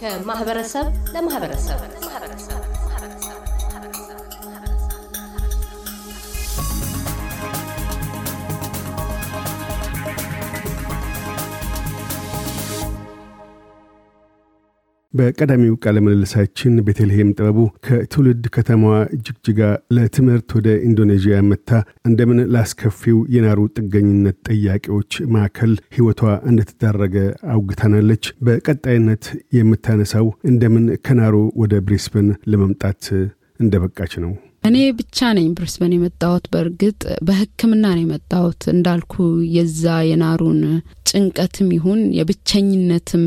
ከማህበረሰብ ለማህበረሰብ በቀዳሚው ቃለ ምልልሳችን ቤተልሔም ጥበቡ ከትውልድ ከተማዋ ጅግጅጋ ለትምህርት ወደ ኢንዶኔዥያ መታ እንደምን ላስከፊው የናሩ ጥገኝነት ጥያቄዎች ማዕከል ህይወቷ እንደተዳረገ አውግታናለች። በቀጣይነት የምታነሳው እንደምን ከናሩ ወደ ብሪስበን ለመምጣት እንደበቃች ነው። እኔ ብቻ ነኝ ብሪስበን የመጣሁት። በእርግጥ በሕክምና ነው የመጣሁት እንዳልኩ የዛ የናሩን ጭንቀትም ይሁን የብቸኝነትም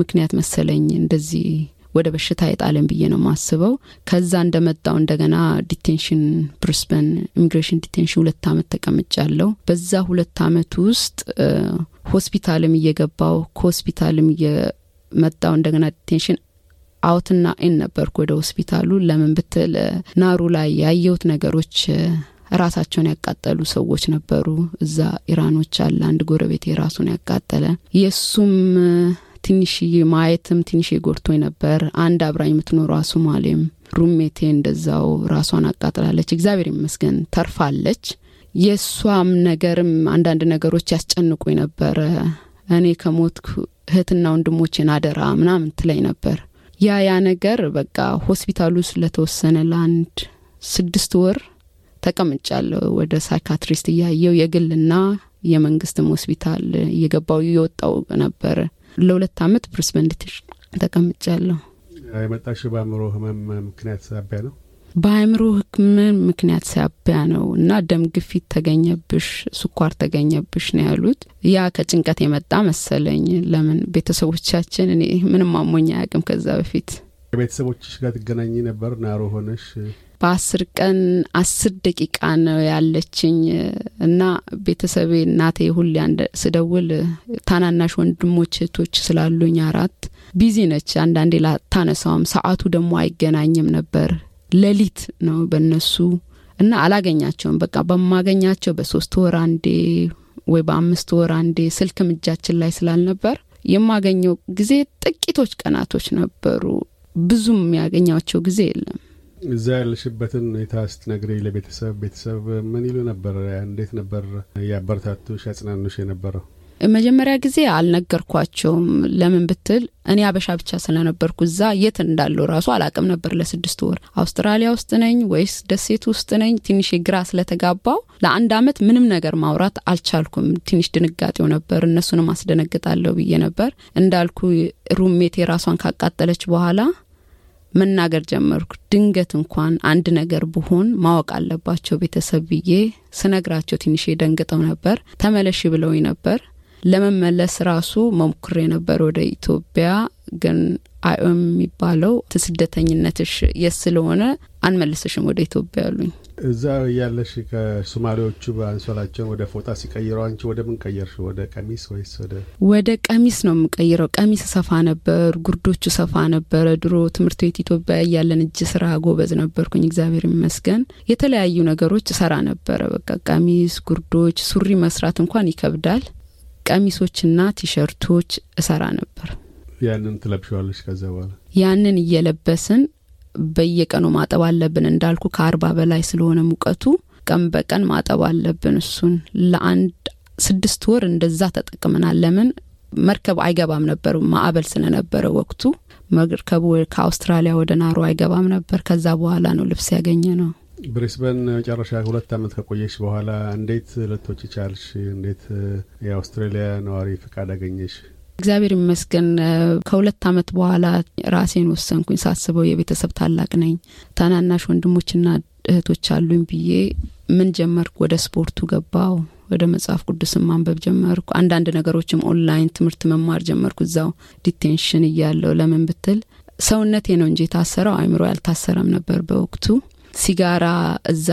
ምክንያት መሰለኝ እንደዚህ ወደ በሽታ የጣለን ብዬ ነው የማስበው። ከዛ እንደመጣው እንደገና ዲቴንሽን ብሪስበን ኢሚግሬሽን ዲቴንሽን ሁለት ዓመት ተቀምጫለሁ። በዛ ሁለት አመት ውስጥ ሆስፒታልም እየገባው ከሆስፒታልም እየመጣው እንደገና ዲቴንሽን አውትና ኢን ነበርኩ ወደ ሆስፒታሉ። ለምን ብትል ናሩ ላይ ያየሁት ነገሮች ራሳቸውን ያቃጠሉ ሰዎች ነበሩ። እዛ ኢራኖች አለ አንድ ጎረቤቴ ራሱን ያቃጠለ የእሱም ትንሽዬ ማየትም ትንሽ ጎድቶኝ ነበር። አንድ አብራኝ የምትኖረው ሱማሌም ሩሜቴ እንደዛው ራሷን አቃጥላለች። እግዚአብሔር ይመስገን ተርፋለች። የእሷም ነገርም አንዳንድ ነገሮች ያስጨንቁኝ ነበረ። እኔ ከሞትኩ እህትና ወንድሞቼን አደራ ምናምን ትለኝ ነበር። ያ ያ ነገር በቃ ሆስፒታሉ ስለተወሰነ ለአንድ ስድስት ወር ተቀምጫለሁ። ወደ ሳይካትሪስት እያየው የግልና የመንግስትም ሆስፒታል እየገባው እየወጣው ነበር። ለሁለት አመት ብሪስበን ተቀምጫለሁ። የመጣሽ በአእምሮ ህመም ምክንያት ሳቢያ ነው? በአእምሮ ህክምን ምክንያት ሳቢያ ነው እና ደም ግፊት ተገኘብሽ፣ ስኳር ተገኘብሽ ነው ያሉት። ያ ከጭንቀት የመጣ መሰለኝ። ለምን ቤተሰቦቻችን እኔ ምንም አሞኝ አያውቅም ከዛ በፊት ከቤተሰቦችሽ ጋር ትገናኝ ነበር? ናሮ ሆነሽ በአስር ቀን አስር ደቂቃ ነው ያለችኝ እና ቤተሰቤ እናቴ ሁሌ ስደውል ታናናሽ ወንድሞች እህቶች ስላሉኝ አራት ቢዚ ነች። አንዳንዴ ላታነሳውም ሰዓቱ ደግሞ አይገናኝም ነበር ሌሊት ነው በነሱ እና አላገኛቸውም። በቃ በማገኛቸው በሶስት ወር አንዴ ወይ በአምስት ወር አንዴ ስልክም እጃችን ላይ ስላልነበር የማገኘው ጊዜ ጥቂቶች ቀናቶች ነበሩ። ብዙም የሚያገኛቸው ጊዜ የለም። እዛ ያለሽበትን ሁኔታ ስትነግሪ ለቤተሰብ ቤተሰብ ምን ይሉ ነበር? እንዴት ነበር ያበረታቱሽ ያጽናኑሽ የነበረው? መጀመሪያ ጊዜ አልነገርኳቸውም። ለምን ብትል እኔ አበሻ ብቻ ስለነበርኩ እዛ የት እንዳለው ራሱ አላቅም ነበር። ለስድስት ወር አውስትራሊያ ውስጥ ነኝ ወይስ ደሴት ውስጥ ነኝ ትንሽ ግራ ስለተጋባው ለአንድ አመት ምንም ነገር ማውራት አልቻልኩም። ትንሽ ድንጋጤው ነበር። እነሱንም አስደነግጣለሁ ብዬ ነበር። እንዳልኩ ሩሜቴ ራሷን ካቃጠለች በኋላ መናገር ጀመርኩ። ድንገት እንኳን አንድ ነገር ብሆን ማወቅ አለባቸው ቤተሰብ ብዬ ስነግራቸው ትንሽ ደንግጠው ነበር። ተመለሽ ብለውኝ ነበር። ለመመለስ ራሱ መሞክሬ ነበር ወደ ኢትዮጵያ ግን አይኦም የሚባለው ስደተኝነትሽ የስ ስለሆነ አንመልስሽም ወደ ኢትዮጵያ ያሉኝ። እዛ ያለሽ ከሶማሌዎቹ አንሶላቸውን ወደ ፎጣ ሲቀይረው አንቺ ወደ ምን ቀየርሽ? ወደ ቀሚስ ወይስ ወደ ወደ ቀሚስ ነው የምቀይረው። ቀሚስ ሰፋ ነበር፣ ጉርዶቹ ሰፋ ነበረ። ድሮ ትምህርት ቤት ኢትዮጵያ እያለን እጅ ስራ ጎበዝ ነበርኩኝ፣ እግዚአብሔር ይመስገን። የተለያዩ ነገሮች ሰራ ነበረ። በቃ ቀሚስ፣ ጉርዶች፣ ሱሪ መስራት እንኳን ይከብዳል። ቀሚሶችና ቲሸርቶች እሰራ ነበር። ያንን ትለብሸዋለች። ከዚያ በኋላ ያንን እየለበስን በየቀኑ ማጠብ አለብን። እንዳልኩ ከአርባ በላይ ስለሆነ ሙቀቱ ቀን በቀን ማጠብ አለብን። እሱን ለአንድ ስድስት ወር እንደዛ ተጠቅመናል። ለምን መርከብ አይገባም ነበር፣ ማዕበል ስለነበረ ወቅቱ መርከቡ ከአውስትራሊያ ወደ ናሮ አይገባም ነበር። ከዛ በኋላ ነው ልብስ ያገኘ ነው። ብሪስበን መጨረሻ ሁለት ዓመት ከቆየሽ በኋላ እንዴት ልትወጪ ቻልሽ? እንዴት የአውስትራሊያ ነዋሪ ፈቃድ አገኘሽ? እግዚአብሔር ይመስገን ከሁለት አመት በኋላ ራሴን ወሰንኩኝ። ሳስበው የቤተሰብ ታላቅ ነኝ፣ ታናናሽ ወንድሞችና እህቶች አሉኝ ብዬ ምን ጀመርኩ? ወደ ስፖርቱ ገባው። ወደ መጽሐፍ ቅዱስን ማንበብ ጀመርኩ። አንዳንድ ነገሮችም ኦንላይን ትምህርት መማር ጀመርኩ። እዛው ዲቴንሽን እያለው ለምን ብትል ሰውነቴ ነው እንጂ የታሰረው አይምሮ ያልታሰረም ነበር በወቅቱ ሲጋራ እዛ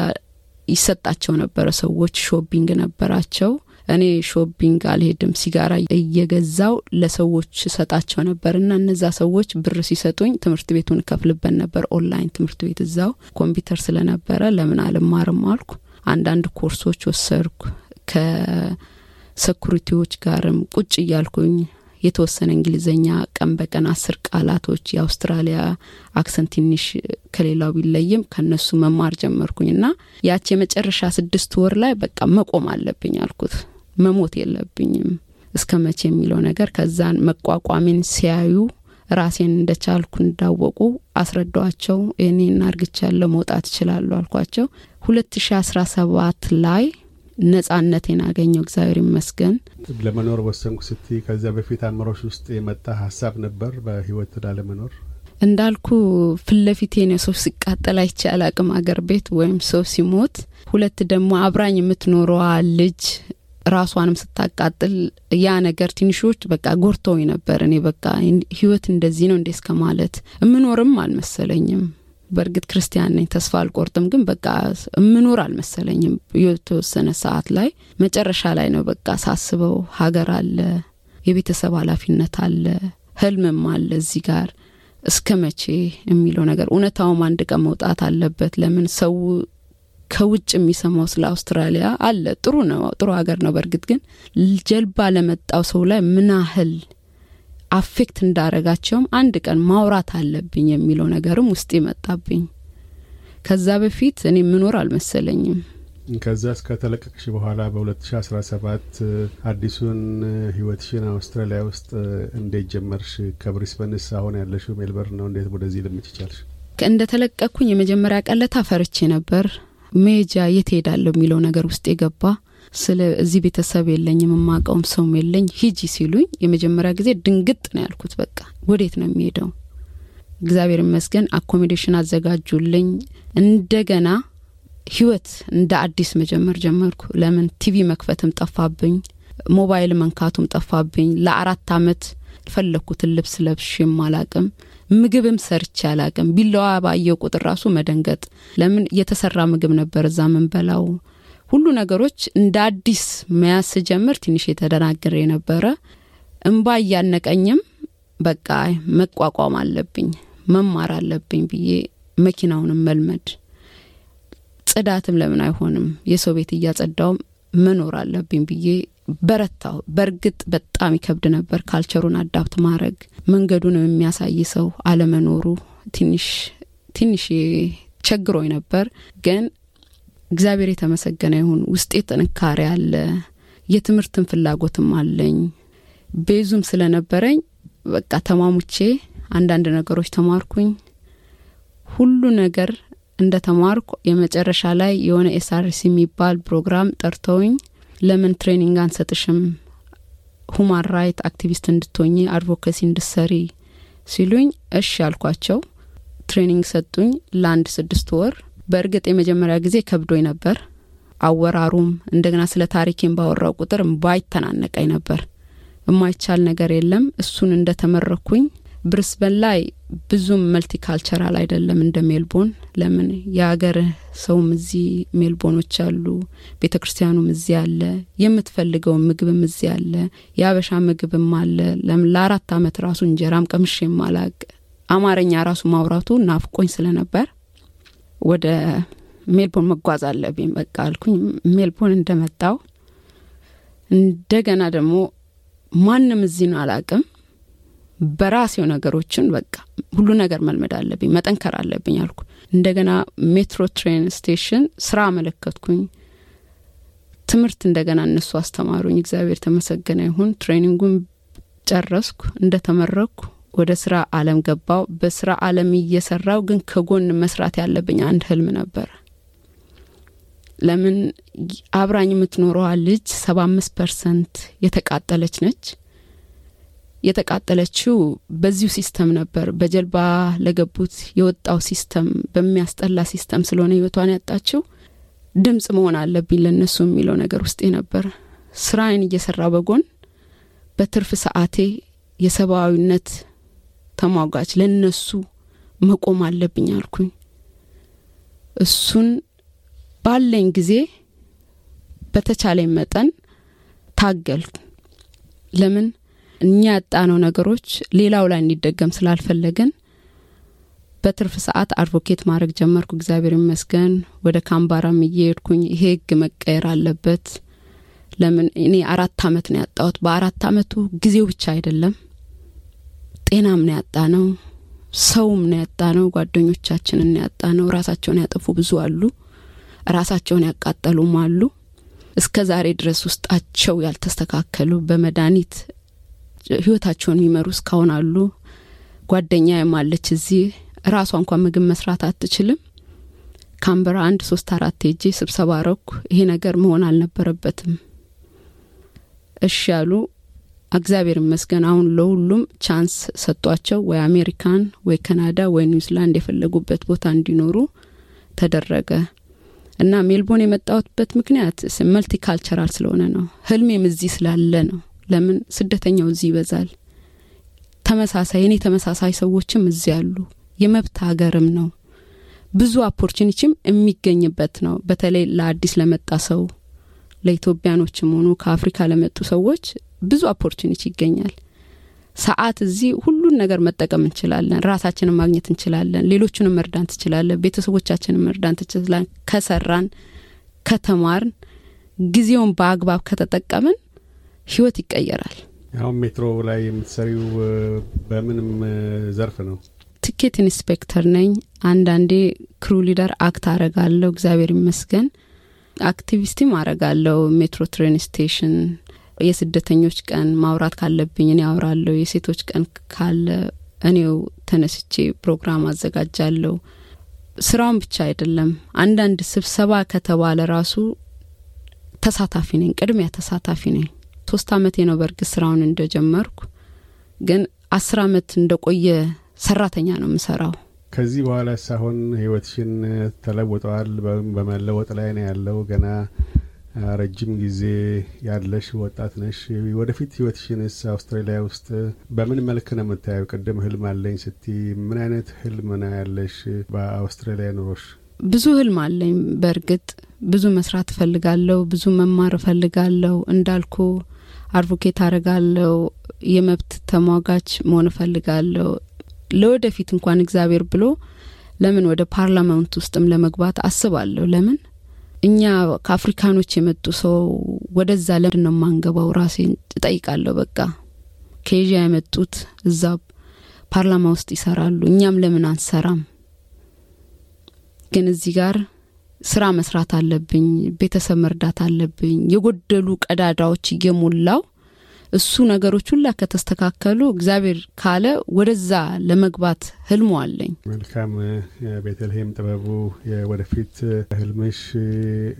ይሰጣቸው ነበረ። ሰዎች ሾፒንግ ነበራቸው። እኔ ሾፒንግ አልሄድም። ሲጋራ እየገዛው ለሰዎች ሰጣቸው ነበር እና እነዛ ሰዎች ብር ሲሰጡኝ ትምህርት ቤቱን እከፍልበት ነበር። ኦንላይን ትምህርት ቤት እዛው ኮምፒውተር ስለነበረ ለምን አልማርም አልኩ። አንዳንድ ኮርሶች ወሰድኩ ከሰኩሪቲዎች ጋርም ቁጭ እያልኩኝ የተወሰነ እንግሊዝኛ ቀን በቀን አስር ቃላቶች የአውስትራሊያ አክሰንት ትንሽ ከሌላው ቢለይም ከነሱ መማር ጀመርኩኝ እና ያች የመጨረሻ ስድስት ወር ላይ በቃ መቆም አለብኝ አልኩት። መሞት የለብኝም እስከ መቼ የሚለው ነገር ከዛን መቋቋሜን ሲያዩ ራሴን እንደቻልኩ እንዳወቁ አስረዳዋቸው። እኔ እናርግቻለሁ መውጣት እችላለሁ አልኳቸው። ሁለት ሺ አስራ ሰባት ላይ ነጻነቴን አገኘው። እግዚአብሔር ይመስገን። ለመኖር ወሰንኩ ስቲ ከዚያ በፊት አእምሮሽ ውስጥ የመጣ ሀሳብ ነበር በህይወት ላለመኖር? እንዳልኩ ፊት ለፊቴ ሰው ሲቃጠል አይቼ አላቅም፣ አገር ቤት ወይም ሰው ሲሞት። ሁለት ደግሞ አብራኝ የምትኖረዋ ልጅ ራሷንም ስታቃጥል ያ ነገር ትንሾች በቃ ጎርተውኝ ነበር። እኔ በቃ ህይወት እንደዚህ ነው እንዴ እስከ ማለት የምኖርም አልመሰለኝም። በእርግጥ ክርስቲያን ነኝ ተስፋ አልቆርጥም ግን በቃ እምኖር አልመሰለኝም የተወሰነ ሰዓት ላይ መጨረሻ ላይ ነው በቃ ሳስበው ሀገር አለ የቤተሰብ ኃላፊነት አለ ህልምም አለ እዚህ ጋር እስከ መቼ የሚለው ነገር እውነታውም አንድ ቀን መውጣት አለበት ለምን ሰው ከውጭ የሚሰማው ስለ አውስትራሊያ አለ ጥሩ ነው ጥሩ ሀገር ነው በእርግጥ ግን ጀልባ ለመጣው ሰው ላይ ምን አፌክት እንዳረጋቸውም አንድ ቀን ማውራት አለብኝ የሚለው ነገርም ውስጥ ይመጣብኝ። ከዛ በፊት እኔ ምኖር አልመሰለኝም። ከዛ እስከ ተለቀቅሽ በኋላ በ2017 አዲሱን ህይወትሽን አውስትራሊያ ውስጥ እንዴት ጀመርሽ? ከብሪስበንስ አሁን ያለሽ ሜልበርን ነው። እንዴት ወደዚህ ልምጭ ቻልሽ? እንደተለቀቅኩኝ የመጀመሪያ ቀለታ ፈርቼ ነበር። መሄጃ የት ሄዳለሁ የሚለው ነገር ውስጥ የገባ ስለዚህ ቤተሰብ የለኝም የማውቀውም ሰውም የለኝ ሂጂ ሲሉኝ የመጀመሪያ ጊዜ ድንግጥ ነው ያልኩት። በቃ ወዴት ነው የሚሄደው? እግዚአብሔር ይመስገን አኮሞዴሽን አዘጋጁልኝ። እንደገና ህይወት እንደ አዲስ መጀመር ጀመርኩ። ለምን ቲቪ መክፈትም ጠፋብኝ፣ ሞባይል መንካቱም ጠፋብኝ። ለአራት አመት ፈለግኩትን ልብስ ለብሼም አላቅም፣ ምግብም ሰርቼ አላቅም። ቢላዋ ባየው ቁጥር ራሱ መደንገጥ። ለምን የተሰራ ምግብ ነበር እዛ ምንበላው ሁሉ ነገሮች እንደ አዲስ መያዝ ስጀምር ትንሽ የተደናገረ የነበረ እምባ እያነቀኝም በቃ መቋቋም አለብኝ መማር አለብኝ ብዬ መኪናውንም መልመድ ጽዳትም ለምን አይሆንም የሰው ቤት እያጸዳውም መኖር አለብኝ ብዬ በረታው። በእርግጥ በጣም ይከብድ ነበር። ካልቸሩን አዳፕት ማድረግ መንገዱንም የሚያሳይ ሰው አለመኖሩ ትንሽ ትንሽ ቸግሮኝ ነበር። ግን እግዚአብሔር የተመሰገነ ይሁን። ውስጤ ጥንካሬ አለ፣ የትምህርትን ፍላጎትም አለኝ። ቤዙም ስለነበረኝ በቃ ተማሙቼ አንዳንድ ነገሮች ተማርኩኝ። ሁሉ ነገር እንደ ተማርኩ የመጨረሻ ላይ የሆነ ኤስአርሲ የሚባል ፕሮግራም ጠርተውኝ ለምን ትሬኒንግ አንሰጥሽም ሁማን ራይት አክቲቪስት እንድትሆኝ አድቮኬሲ እንድሰሪ ሲሉኝ እሺ ያልኳቸው። ትሬኒንግ ሰጡኝ ለአንድ ስድስት ወር በእርግጥ የመጀመሪያ ጊዜ ከብዶኝ ነበር። አወራሩም እንደገና ስለ ታሪኬን ባወራው ቁጥር ባይተናነቀኝ ነበር። የማይቻል ነገር የለም። እሱን እንደተመረኩኝ ብርስበን ላይ ብዙም መልቲካልቸራል አይደለም እንደ ሜልቦን ለምን የሀገር ሰውም እዚህ ሜልቦኖች አሉ፣ ቤተ ክርስቲያኑም እዚህ አለ፣ የምትፈልገውን ምግብም እዚህ አለ፣ የአበሻ ምግብም አለ። ለምን ለአራት አመት ራሱ እንጀራም ቀምሼ ማላቅ አማርኛ ራሱ ማውራቱ ናፍቆኝ ስለነበር ወደ ሜልቦን መጓዝ አለብኝ በቃ አልኩኝ። ሜልቦን እንደመጣው እንደገና ደግሞ ማንም እዚህ ነው አላቅም። በራሴው ነገሮችን በቃ ሁሉ ነገር መልመድ አለብኝ፣ መጠንከር አለብኝ አልኩ። እንደገና ሜትሮ ትሬን ስቴሽን ስራ አመለከትኩኝ። ትምህርት እንደገና እነሱ አስተማሩኝ። እግዚአብሔር ተመሰገነ ይሁን። ትሬኒንጉን ጨረስኩ። እንደተመረኩ ወደ ስራ አለም ገባው። በስራ አለም እየሰራው ግን ከጎን መስራት ያለብኝ አንድ ህልም ነበር። ለምን አብራኝ የምትኖረዋ ልጅ ሰባ አምስት ፐርሰንት የተቃጠለች ነች። የተቃጠለችው በዚሁ ሲስተም ነበር። በጀልባ ለገቡት የወጣው ሲስተም በሚያስጠላ ሲስተም ስለሆነ ህይወቷን ያጣችው ድምጽ መሆን አለብኝ ለእነሱ የሚለው ነገር ውስጤ ነበር። ስራዬን እየሰራ በጎን በትርፍ ሰዓቴ የሰብአዊነት ተሟጋች ለነሱ መቆም አለብኝ አልኩኝ። እሱን ባለኝ ጊዜ በተቻለኝ መጠን ታገልኩ። ለምን እኛ ያጣነው ነገሮች ሌላው ላይ እንዲደገም ስላልፈለግን በትርፍ ሰዓት አድቮኬት ማድረግ ጀመርኩ። እግዚአብሔር ይመስገን ወደ ካምባራም እየሄድኩኝ ይሄ ህግ መቀየር አለበት። ለምን እኔ አራት አመት ነው ያጣሁት። በአራት አመቱ ጊዜው ብቻ አይደለም ጤናም ነው ያጣ ነው ሰውም ነው ያጣ ነው ጓደኞቻችንን ነው ያጣ ነው ራሳቸውን ያጠፉ ብዙ አሉ ራሳቸውን ያቃጠሉም አሉ እስከ ዛሬ ድረስ ውስጣቸው ያልተስተካከሉ በመድኃኒት ህይወታቸውን የሚመሩ እስካሁን አሉ ጓደኛ የማለች እዚህ ራሷ እንኳን ምግብ መስራት አትችልም ካምበራ አንድ ሶስት አራት ሄጄ ስብሰባ ረኩ ይሄ ነገር መሆን አልነበረበትም እሺ ያሉ እግዚአብሔር ይመስገን አሁን ለሁሉም ቻንስ ሰጧቸው። ወይ አሜሪካን፣ ወይ ካናዳ፣ ወይ ኒውዚላንድ የፈለጉበት ቦታ እንዲኖሩ ተደረገ እና ሜልቦን የመጣሁበት ምክንያት መልቲካልቸራል ስለሆነ ነው። ህልሜም እዚህ ስላለ ነው። ለምን ስደተኛው እዚህ ይበዛል። ተመሳሳይ እኔ ተመሳሳይ ሰዎችም እዚህ አሉ። የመብት ሀገርም ነው። ብዙ አፖርቹኒቲም የሚገኝበት ነው። በተለይ ለአዲስ ለመጣ ሰው ለኢትዮጵያኖችም ሆኑ ከአፍሪካ ለመጡ ሰዎች ብዙ ኦፖርቹኒቲ ይገኛል። ሰዓት እዚህ ሁሉን ነገር መጠቀም እንችላለን። ራሳችንን ማግኘት እንችላለን። ሌሎቹንም መርዳን ትችላለን። ቤተሰቦቻችንን መርዳን ትችላለን። ከሰራን፣ ከተማርን፣ ጊዜውን በአግባብ ከተጠቀምን ህይወት ይቀየራል። አሁን ሜትሮ ላይ የምትሰሪው በምንም ዘርፍ ነው? ትኬት ኢንስፔክተር ነኝ። አንዳንዴ ክሩ ሊደር አክት አረጋለሁ። እግዚአብሔር ይመስገን። አክቲቪስቲም አረጋለሁ። ሜትሮ ትሬን ስቴሽን የስደተኞች ቀን ማውራት ካለብኝ እኔ አውራለሁ። የሴቶች ቀን ካለ እኔው ተነስቼ ፕሮግራም አዘጋጃለሁ። ስራውን ብቻ አይደለም፣ አንዳንድ ስብሰባ ከተባለ ራሱ ተሳታፊ ነኝ፣ ቅድሚያ ተሳታፊ ነኝ። ሶስት አመቴ ነው በእርግጥ ስራውን እንደጀመርኩ፣ ግን አስር አመት እንደቆየ ሰራተኛ ነው የምሰራው። ከዚህ በኋላ ሳሆን ህይወትሽን ተለውጠዋል፣ በመለወጥ ላይ ነው ያለው ገና ረጅም ጊዜ ያለሽ ወጣት ነሽ። ወደፊት ህይወትሽንስ አውስትራሊያ ውስጥ በምን መልክ ነው የምታየው? ቅድም ህልም አለኝ ስቲ ምን አይነት ህልም ነው ያለሽ በአውስትራሊያ ኑሮሽ? ብዙ ህልም አለኝ። በእርግጥ ብዙ መስራት እፈልጋለሁ። ብዙ መማር እፈልጋለሁ። እንዳልኩ አድቮኬት አረጋለሁ። የመብት ተሟጋች መሆን እፈልጋለሁ። ለወደፊት እንኳን እግዚአብሔር ብሎ ለምን ወደ ፓርላመንት ውስጥም ለመግባት አስባለሁ። ለምን እኛ ከአፍሪካኖች የመጡ ሰው ወደዛ ለምንድን ነው የማንገባው? ራሴን እጠይቃለሁ። በቃ ከኤዥያ የመጡት እዛ ፓርላማ ውስጥ ይሰራሉ፣ እኛም ለምን አንሰራም? ግን እዚህ ጋር ስራ መስራት አለብኝ፣ ቤተሰብ መርዳት አለብኝ። የጎደሉ ቀዳዳዎች እየሞላው እሱ ነገሮች ሁላ ከተስተካከሉ እግዚአብሔር ካለ ወደዛ ለመግባት ህልሙ አለኝ። መልካም ቤተልሔም ጥበቡ፣ የወደፊት ህልምሽ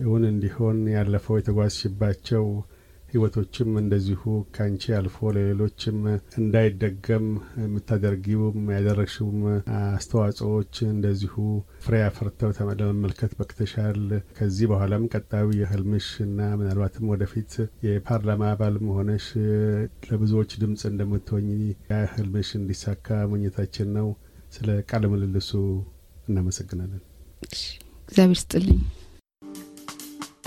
እውን እንዲሆን ያለፈው የተጓዝሽባቸው ህይወቶችም እንደዚሁ ካንቺ አልፎ ለሌሎችም እንዳይደገም የምታደርጊውም ያደረግሽውም አስተዋጽኦዎች እንደዚሁ ፍሬ አፍርተው ለመመልከት በቅተሻል። ከዚህ በኋላም ቀጣዩ የህልምሽ እና ምናልባትም ወደፊት የፓርላማ አባል መሆነሽ ለብዙዎች ድምፅ እንደምትሆኝ ያ ህልምሽ እንዲሳካ መኘታችን ነው። ስለ ቃለ ምልልሱ እናመሰግናለን። እግዚአብሔር ስጥልኝ።